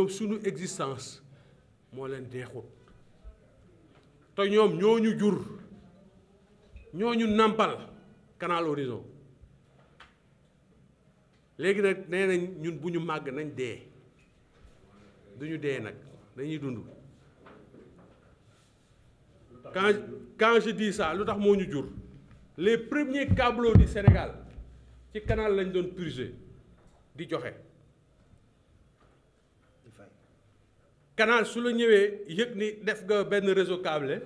ñoom suñu existence moo leen deexut te ñoom ñoo ñu jur ñoo ñu nàmpal Canal Horizon léegi nag nee nañ ñun bu ñu màgg nañ dee du ñu dee nag dañuy dund quand quand je dis lu tax moo ñu jur les premier cablo du Sénégal ci canal lañ doon purgé di joxe canal su la ñëwee yëg ni def nga benn réseau câblé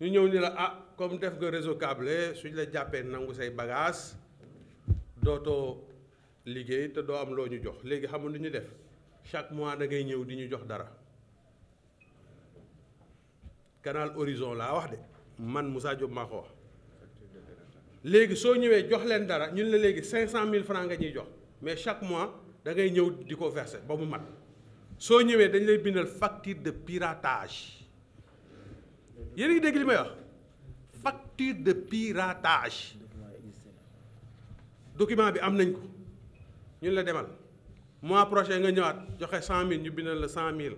ñu ñëw ni la ah comme def nga réseau câblé suñ la jàppee nangu say bagage dootoo liggéey te doo am loo ñu jox léegi xam lu ñu def chaque mois da ngay ñëw di ñu jox dara canal horizon laa wax de man musaa Diop maa ko wax léegi soo ñëwee jox leen dara ñun la léegi cinq cent mille francs nga ñuy jox mais chaque mois dangay ñëw di ko verser ba mu mat soo ñëwee dañ lay bindal facture de piratage yéen ngi dégg li may wax facture de piratage document bi am nañ ko ñun la demal mois prochain nga ñëwaat joxe cent mille ñu bindal la cent mille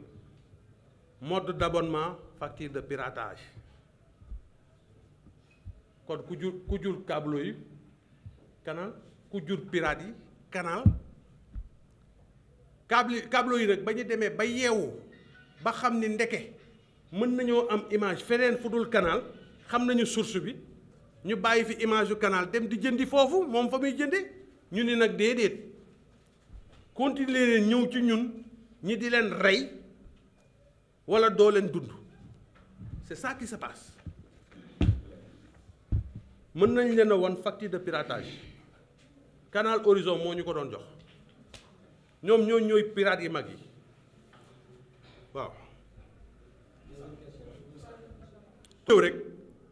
mode d'abonnement facture de piratage kon ku jur ku jur câble yi canal ku jur pirate yi canal câble câble yi nag ba ñu demee ba yeewu ba xam ni ndeke mën nañoo am image fereen fu dul canal xam nañu source bi ñu bàyyi fi image yu canal dem di jëndi foofu moom fa muy jënde ñu ni nag déedéet continuer leen ñëw ci ñun ñi di leen rey wala doo leen dund c'est ça qui se passe mën nañ leen a won facture de piratage kanaal Horizon moo ñu ko doon jox ñoom ñoo ñooy piraat yi mag yi waaw ñëw rek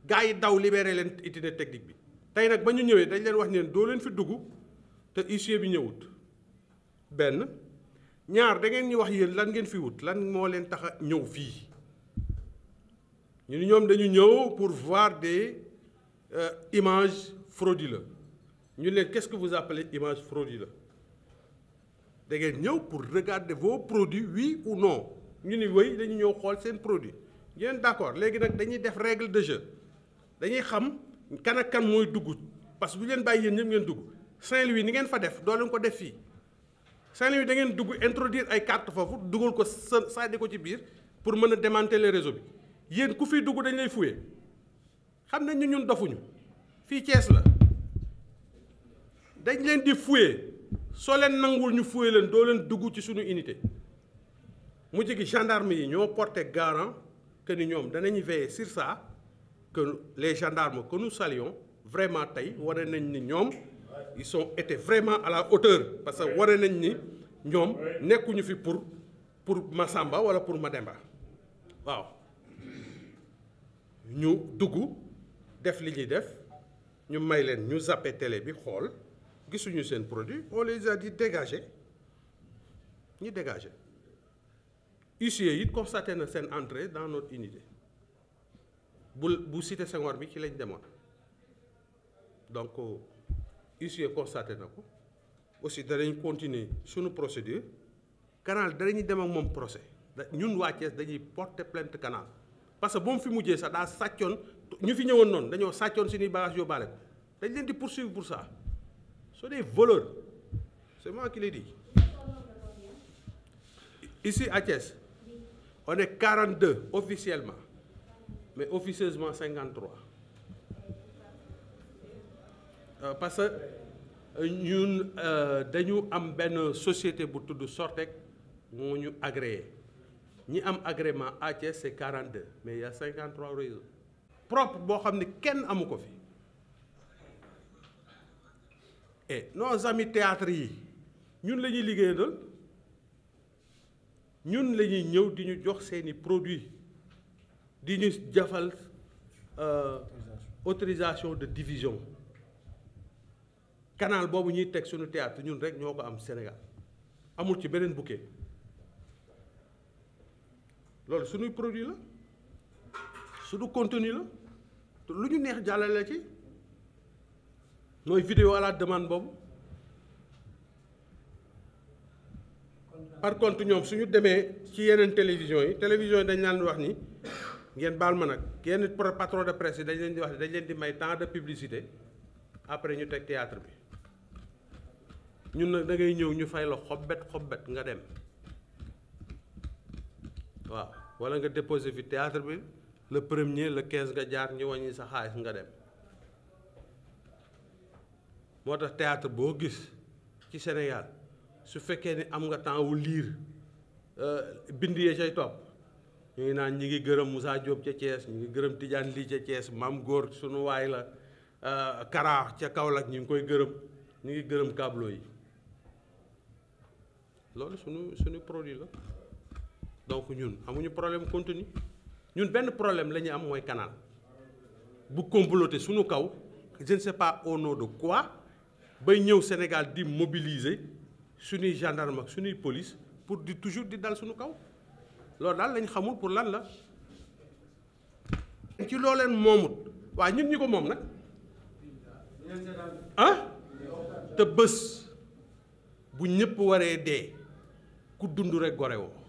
gars yi daw libéré leen itinéraire technique bi tey nag ba ñu ñëwee dañ leen wax ne doo leen fi dugg te huissier bi ñëwut benn ñaar da ngeen ñu wax yéen lan ngeen fi wut lan moo leen tax ñëw fii ñu ni ñoom dañu ñëw pour voir des euh, images la ñu leen qu'est-ce que vous appelez image frauduleuse da ngeen ñëw pour regarder vos produits oui ou non ñu ni wéy lañu ñëw xool seen produit ngeen d'accord léegi nag dañuy def règle de jeu dañuy xam kan kan mooy dugg parce que bu leen bàyyi yéen ñëpp ngeen dugg Saint-Louis ni ngeen fa def doo leen ko def fii Saint-Louis da dugg introduire ay carte foofu dugal ko sa sànni ko ci biir pour mën a le réseau bi yéen ku fii dugg dañ lay fuyee xam nañ ñu ñun dofuñu fii Thiès la dañ leen di fuyee. soo leen nanguwul ñu fuyee leen doo leen dugg ci suñu unité mu jigi gendarme yi ñoo porté garant que ni ñoom danañu veiller sur ça que les gendarmes que nous vraiment tey wane nañ ni ñoom ils sont été vraiment à la hauteur parce que wane nañ ni ñoom nekkuñu fi pour pour Massamba wala pour ma demba waaw ñu dugg def li ñuy def ñu may leen ñu zappe télé bi xool gisuñu seen produit on les a dit dégager ñu dégager huissier yi constaté na seen entrée dans notre unité bu site sen Senghor bi ci lañ demoon donc euh, huissier constaté na ko aussi danañ continuer suñu procédure canal danañu demoon ak moom procès ñun waa Thiès dañuy porter plainte canal parce que ba mu fi mujjee sax daa sàccoon ñu fi ñëwoon noonu dañoo sàccoon suñuy bagage yóbbaale ko dañ leen di poursuivre pour ça sont des voleurs c'est moi qui l'ai dit ici à officiellement mais officieusement 53 euh, parce que euh, ñun euh, dañu am benn société bu tudd Sortec moo ñu agréé ñi am agrément à Thiès c'est 42 mais il y a propre boo xam ne kenn amu ko fi et eh, nos amis théâtre yi ñun lañuy liggéeya liggéeyal ñun la ñuy ñëw di ñu jox seeni produit di ñu jafal euh, autorisation de division kanaal boobu ñuy teg suñu théâtre ñun rek ñoo ko am Sénégal amul ci beneen bouquet loolu suñuy produit la suñu continue la te lu ñu neex jàllale ci mooy vidéo à la demande boobu par contre ñoom suñu demee ci yeneen télévision yi télévision yi dañ leen wax ni ngeen baal ma nag yenn patron de presse yi dañ leen di wax dañ leen di may temps de publicité après ñu teg théâtre bi ñun nag da ngay ñëw ñu fay la xobbet xobbet nga dem waaw walla nga déposé fi théâtre bi le premier le quinze nga jaar ñu wàññi sa xaalis nga dem moo tax théâtre boo gis ci Sénégal su fekkee ni am nga temps wu liir euh, bind yee say topp ñu ngi naan ñi ngi gërëm Moussa Diop ca Thiès ñu ngi gërëm Tidiane Ly ca Thiès Maam Góor suñu waay la euh, Kara ca Kaolack ñu ngi koy gërëm ñu ngi gërëm kaablo yi loolu sunu suñu produit la donc ñun amuñu problème continue ñun benn problème la ñuy am mooy canal bu comploté suñu kaw je ne sais pas au nom de quoi bay ñëw Sénégal di mobiliser suñuy gendarme ak suñuy police pour di toujours di dal suñu kaw loolu daal lañ xamul pour lan la ci loo leen moomut waaye ñun ñi ko moom nag ah te bés bu ñëpp waree dee ku dund rek gore woo